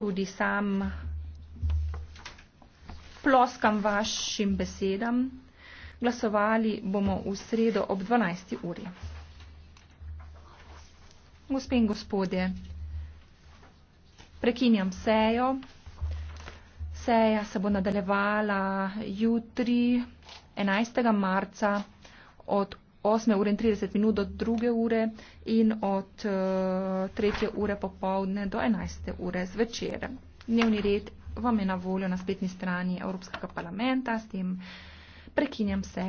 tudi sam ploskam vašim besedam. Glasovali bomo v sredo ob 12. uri. Gospe in gospodje, prekinjam sejo. Seja se bo nadaljevala jutri 11. marca od 8. 8 ure in 30 minut do 2 ure in od 3 eh, ure popovdne do 11 ure zvečer. Dnevni red vam je na voljo na spletni strani Evropskega parlamenta, s tem prekinjam se.